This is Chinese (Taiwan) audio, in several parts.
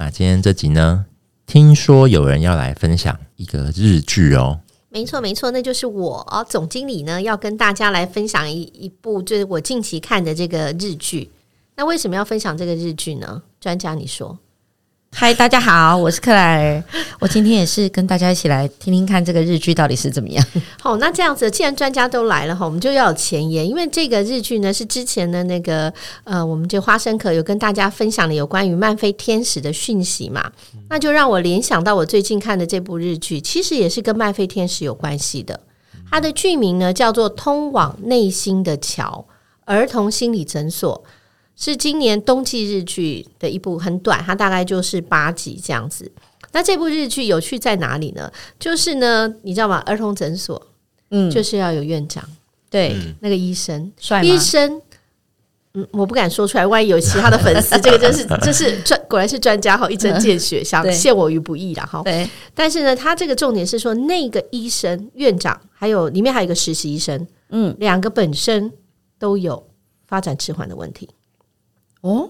那今天這集呢，聽說有人要來分享一個日劇哦。沒錯，沒錯，那就是我，哦，總經理呢，要跟大家來分享一一部，就是我近期看的這個日劇。那為什麼要分享這個日劇呢？專家，你說。嗨，Hi，大家好，我是克萊爾。 我今天也是跟大家一起來聽聽看這個日劇到底是怎麼樣。好、哦，那這樣子，既然專家都來了哈，我們就要有前言，因為這個日劇呢是之前的那個呃，我們這花生殼有跟大家分享了有關於慢飛天使的訊息嘛，那就讓我聯想到我最近看的這部日劇，其實也是跟慢飛天使有關係的。它的劇名呢叫做《通往內心的橋》，兒童心理診所。是今年冬季日劇的一部，很短，它大概就是八集這樣子。那這部日劇有趣在哪裡呢？就是呢，你知道嗎？兒童診所，嗯，就是要有院長，嗯、對，嗯、那個醫生，帥嗎醫生，嗯，我不敢說出來，萬一有其他的粉絲， 這個真、就是真、就是專，果然是專家哈，一針見血，想陷我於不義了哈。對但是呢，他這個重點是說那個醫生院長，還有裡面還有一個實習醫生，嗯，兩個本身都有發展遲緩的問題。哦，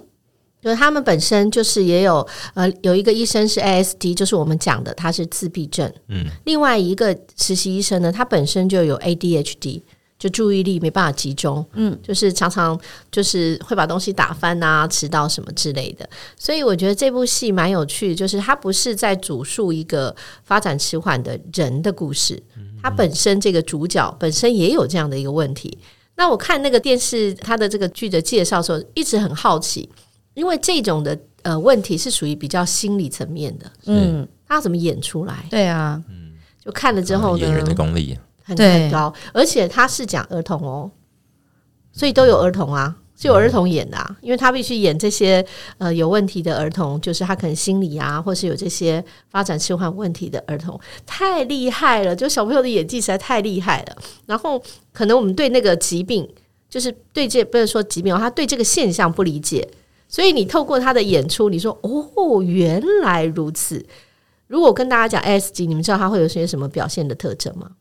就是他們本身就是也有呃，有一個醫生是 ASD，就是我們講的，他是自閉症。嗯，另外一個實習醫生呢，他本身就有 ADHD，就注意力沒辦法集中。嗯，就是常常就是會把東西打翻啊、遲到什麼之類的。所以我覺得這部戲蠻有趣，就是他不是在主述一個發展遲緩的人的故事，嗯、他本身這個主角本身也有這樣的一個問題。那我看那個電視，他的這個劇的介紹時候，一直很好奇，因為這種的呃問題是屬於比較心理層面的，嗯是，他要怎麼演出來？對啊，嗯，就看了之後，的、嗯、人的功力很，很高，對而且他是講兒童哦，所以都有兒童啊。嗯就有兒童演的，啊，因為他必須演這些呃有問題的兒童，就是他可能心理啊，或是有這些發展遲緩問題的兒童，太厲害了。就小朋友的演技實在太厲害了。然後可能我們對那個疾病，就是對這不是說疾病，他對這個現象不理解，所以你透過他的演出，你說哦，原來如此。如果我跟大家講 ASD，你們知道他會有些什麼表現的特徵嗎？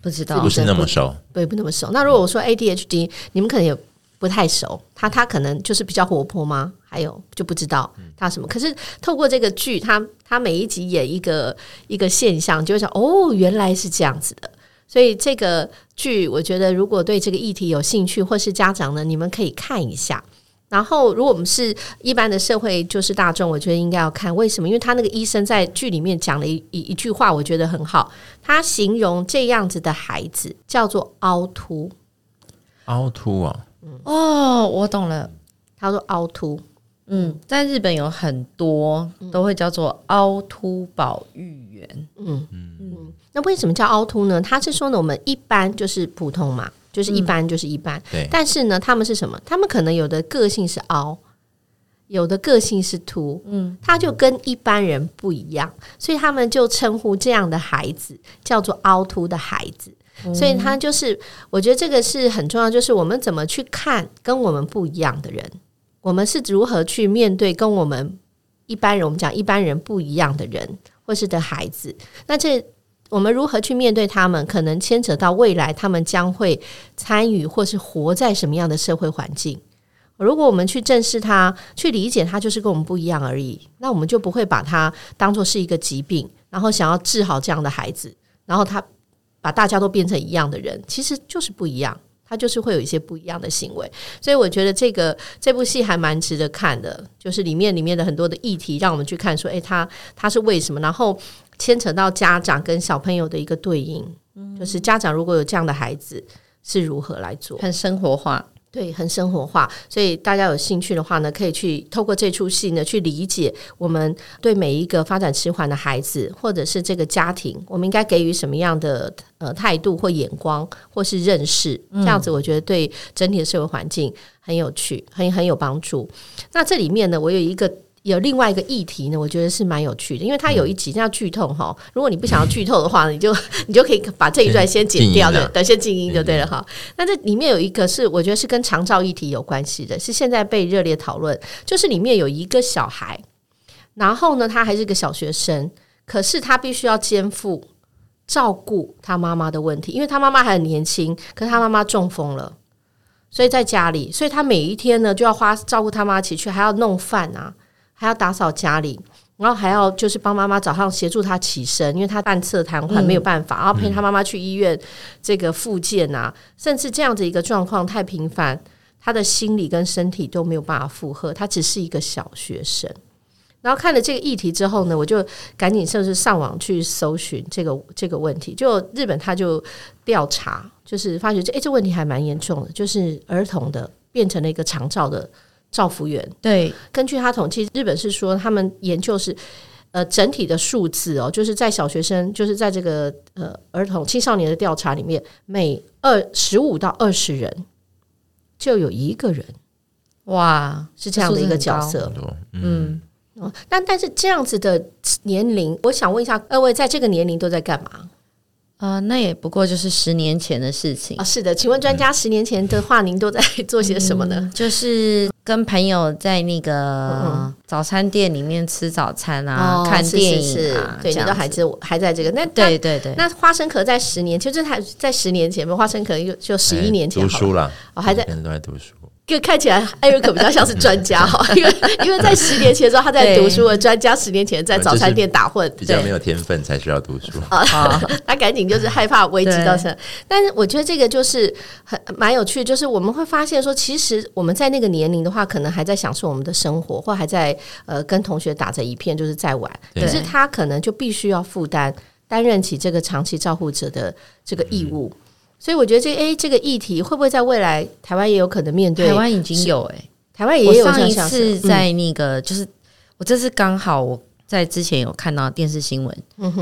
不知道，不是那麼熟，對，不那麼熟。那如果我說 ADHD，你們可能也。不太熟，他他可能就是比較活潑嗎？還有就不知道他什麼。可是透過這個劇，他他每一集演一個一個現象，就是哦，原來是這樣子的。所以這個劇，我覺得如果對這個議題有興趣或是家長呢，你們可以看一下。然後如果我們是一般的社會就是大眾，我覺得應該要看為什麼？因為他那個醫生在劇裡面講了一一一句話，我覺得很好。他形容這樣子的孩子叫做凹凸。凹凸啊。哦，我懂了。他說凹凸，嗯，在日本有很多、嗯、都會叫做凹凸保育員，嗯嗯嗯。嗯，那為什麼叫凹凸呢？他是說呢，我們一般就是普通嘛，就是一般就是一般。嗯、對，但是呢，他們是什麼？他們可能有的個性是凹，有的個性是凸，嗯，他就跟一般人不一樣，所以他們就稱呼這樣的孩子叫做凹凸的孩子。所以，他就是、嗯、我覺得這個是很重要，就是我們怎麼去看跟我們不一樣的人，我們是如何去面對跟我們一般人，我們講一般人不一樣的人，或是的孩子，那這我們如何去面對他們，可能牽扯到未來他們將會參與或是活在什麼樣的社會環境。如果我們去正視他，去理解他，就是跟我們不一樣而已，那我們就不會把他當作是一個疾病，然後想要治好這樣的孩子，然後他。把大家都變成一樣的人，其實就是不一樣，他就是會有一些不一樣的行為。所以我覺得這個這部戲還蠻值得看的，就是裡面裡面的很多的議題，讓我們去看說，哎、欸，他他是為什麼？然後牽扯到家長跟小朋友的一個對應，嗯，就是家長如果有這樣的孩子，是如何來做？很生活化。對，很生活化，所以大家有興趣的話呢，可以去透過這出戲呢，去理解我們對每一個發展遲緩的孩子，或者是這個家庭，我們應該給予什麼樣的呃，態度或眼光，或是認識。這樣子，我覺得對整體的社會環境很有趣，很很有幫助。那這裡面呢，我有一個。有另外一個議題呢，我覺得是蠻有趣的，因為它有一集叫劇、嗯、透哈。如果你不想要劇透的話、嗯、你就你就可以把這一段先剪掉，對，等下靜音就對了哈。那這裡面有一個是我覺得是跟長照議題有關係的，是現在被熱烈討論，就是裡面有一個小孩，然後呢，他還是個小學生，可是他必須要肩負照顧他媽媽的問題，因為他媽媽還很年輕，可是他媽媽中風了，所以在家裡，所以他每一天呢就要花照顧他媽起去，其實還要弄飯啊，還要打掃家裡，然後還要就是幫媽媽早上協助她起身，因為她半側癱瘓沒有辦法，嗯、然後陪他媽媽去醫院這個復健啊，嗯、甚至這樣的一個狀況太頻繁，他的心理跟身體都沒有辦法負荷，他只是一個小學生。然後看了這個議題之後呢，我就趕緊甚至上網去搜尋這個這個問題，就日本他就調查，就是發覺這誒、欸，這問題還蠻嚴重的，就是兒童的變成了一個長照的。造福員對，根據他統計，日本是說他們研究是，呃，整體的數字哦，就是在小學生，就是在這個呃兒童青少年的調查裡面，每二十五到二十人就有一個人，哇，是這樣的一個角色，嗯，哦、嗯嗯，但是這樣子的年齡，我想問一下，各位在這個年齡都在幹嘛？啊、呃，那也不過就是十年前的事情啊、哦。是的，請問專家，十年前的話，嗯、您都在做些什麼呢？嗯、就是。跟朋友在那個早餐店裡面吃早餐啊，嗯、看電影啊，哦、是是是對，這些都還在還在這個。那對對對，對，那花生殼在十年，其、就、實、是、還在十年前，花生殼就就十一年前，讀書了、哦，還在都在讀書。個看起來艾瑞克比較像是專家哈， 因為因為在十年前的時候，他在讀書，而專對家十年前在早餐店打混，比較沒有天分才需要讀書，他趕緊就是害怕危機造成，對但是我覺得這個就是很蠻有趣，就是我們會發現說，其實我們在那個年齡的話，可能還在享受我們的生活，或還在呃跟同學打成一片，就是在玩。對可是他可能就必須要負擔擔任起這個長期照護者的這個義務。所以我覺得這誒，這個議題會不會在未來台灣也有可能面對？台灣已經有誒，台灣也有。上一次在那個就是我這次剛好我在之前有看到電視新聞，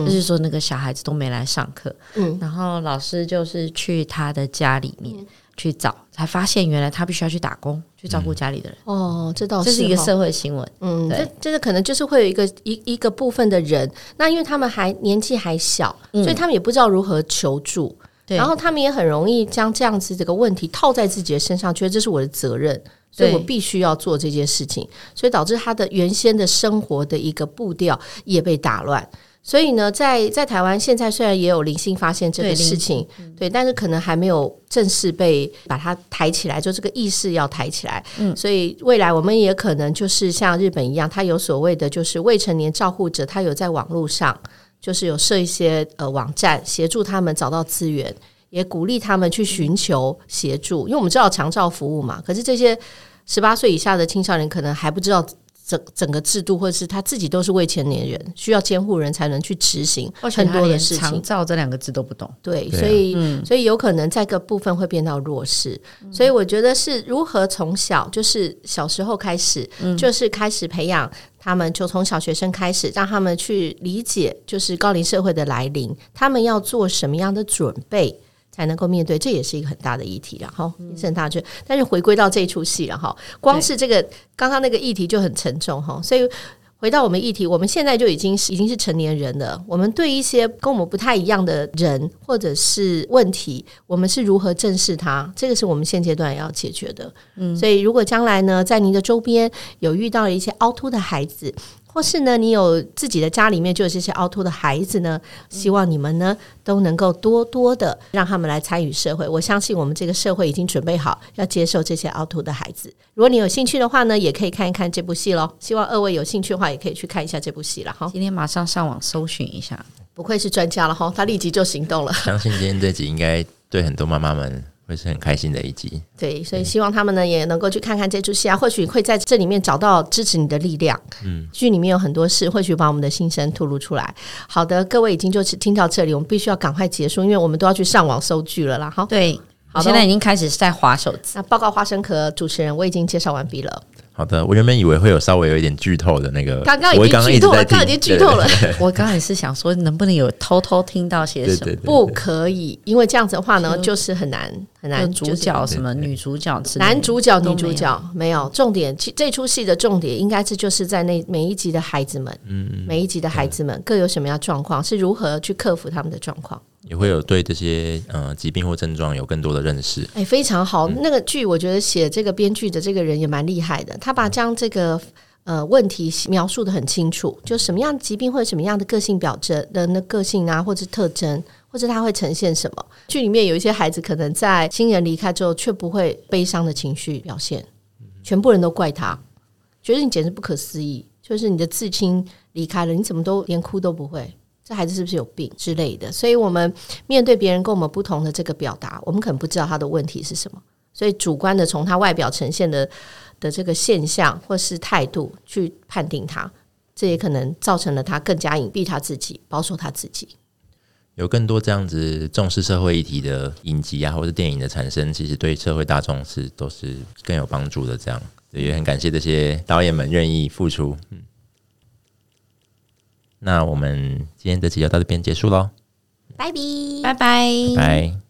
就是說那個小孩子都沒來上課，然後老師就是去他的家裡面去找，才發現原來他必須要去打工，去照顧家裡的人。哦，這倒是，這是一個社會新聞，嗯，這這個可能就是會有一個一一個部分的人，那因為他們還年紀還小，所以他們也不知道如何求助。然後他們也很容易將這樣子這個問題套在自己的身上，覺得這是我的責任，對所以我必須要做這件事情，所以導致他的原先的生活的一個步調也被打亂。所以呢，在在台灣現在雖然也有零星發現這個事情，對，嗯、對，但是可能還沒有正式被把它抬起來，就這個意識要抬起來。嗯，所以未來我們也可能就是像日本一樣，他有所謂的，就是未成年照護者，他有在網絡上。就是有設一些呃網站協助他們找到資源，也鼓勵他們去尋求協助，嗯、因為我們知道長照服務嘛。可是這些十八歲以下的青少年可能還不知道整整個制度，或者是他自己都是未成年人，需要監護人才能去執行很多的事情。長照這兩個字都不懂，對，所以、啊嗯、所以有可能在各部分會變到弱勢。所以我覺得是如何從小就是小時候開始，嗯、就是開始培養。他們就從小學生開始，讓他們去理解，就是高齡社會的來臨，他們要做什麼樣的準備，才能夠面對，這也是一個很大的議題，然後，也是很大的，但是回歸到這一出戲，然後，光是這個對剛剛那個議題就很沉重，哈，所以。回到我們議題，我們現在就已經是已經是成年人了。我們對一些跟我們不太一樣的人或者是問題，我們是如何正視它？這個是我們現階段要解決的。嗯，所以如果將來呢，在您的周邊有遇到一些凹凸的孩子。或是呢，你有自己的家裡面就有這些凹凸的孩子呢，希望你們呢都能夠多多的讓他們來參與社會。我相信我們這個社會已經準備好要接受這些凹凸的孩子。如果你有興趣的話呢，也可以看一看這部戲嘍。希望二位有興趣的話，也可以去看一下這部戲了。哈，今天馬上上網搜尋一下。不愧是專家了哈，他立即就行動了。相信今天這集應該對很多媽媽們。會是很開心的一集，對，所以希望他們呢也能夠去看看這出戲啊，或許會在這裡面找到支持你的力量。嗯，劇裡面有很多事，或許把我們的心聲吐露出來。好的，各位已經就是聽到這裡，我們必須要趕快結束，因為我們都要去上網搜劇了啦。哈，對，好、哦，現在已經開始是在滑手機。那報告花生殼主持人，我已經介紹完畢了。好的，我原本以為會有稍微有一點劇透的那個，剛剛已經劇透了，剛剛已經劇透了。對對對對，我剛才是想說，能不能有偷偷聽到些什麼？對對對對，不可以，因為這樣子的話呢，就是很難。男主角什麼？女主角？男主角、女主角沒有重點。其這出戲的重點應該是就是在那每一集的孩子們，嗯，每一集的孩子們各有什麼樣的狀況，是如何去克服他們的狀況？也會有對這些呃疾病或症狀有更多的認識。哎，非常好！那個劇，我覺得寫這個編劇的這個人也蠻厲害的，他把將這個。呃，問題描述得很清楚，就什麼樣的疾病或者什麼樣的個性表徵的那個性啊，或者特徵，或者他會呈現什麼？劇裡面有一些孩子，可能在親人離開之後，卻不會悲傷的情緒表現，全部人都怪他，覺得你簡直不可思議，就是你的至親離開了，你怎麼都連哭都不會？這孩子是不是有病之類的？所以我們面對別人跟我們不同的這個表達，我們可能不知道他的問題是什麼，所以主觀的從他外表呈現的。的這個現象或是態度去判定他，這也可能造成了他更加隱蔽他自己、保守他自己。有更多這樣子重視社會議題的影集啊，或者是電影的產生，其實對社會大眾是都是更有幫助的。這樣也很感謝這些導演們願意付出。嗯，那我們今天的節目就到這邊結束嘍，拜拜拜拜拜。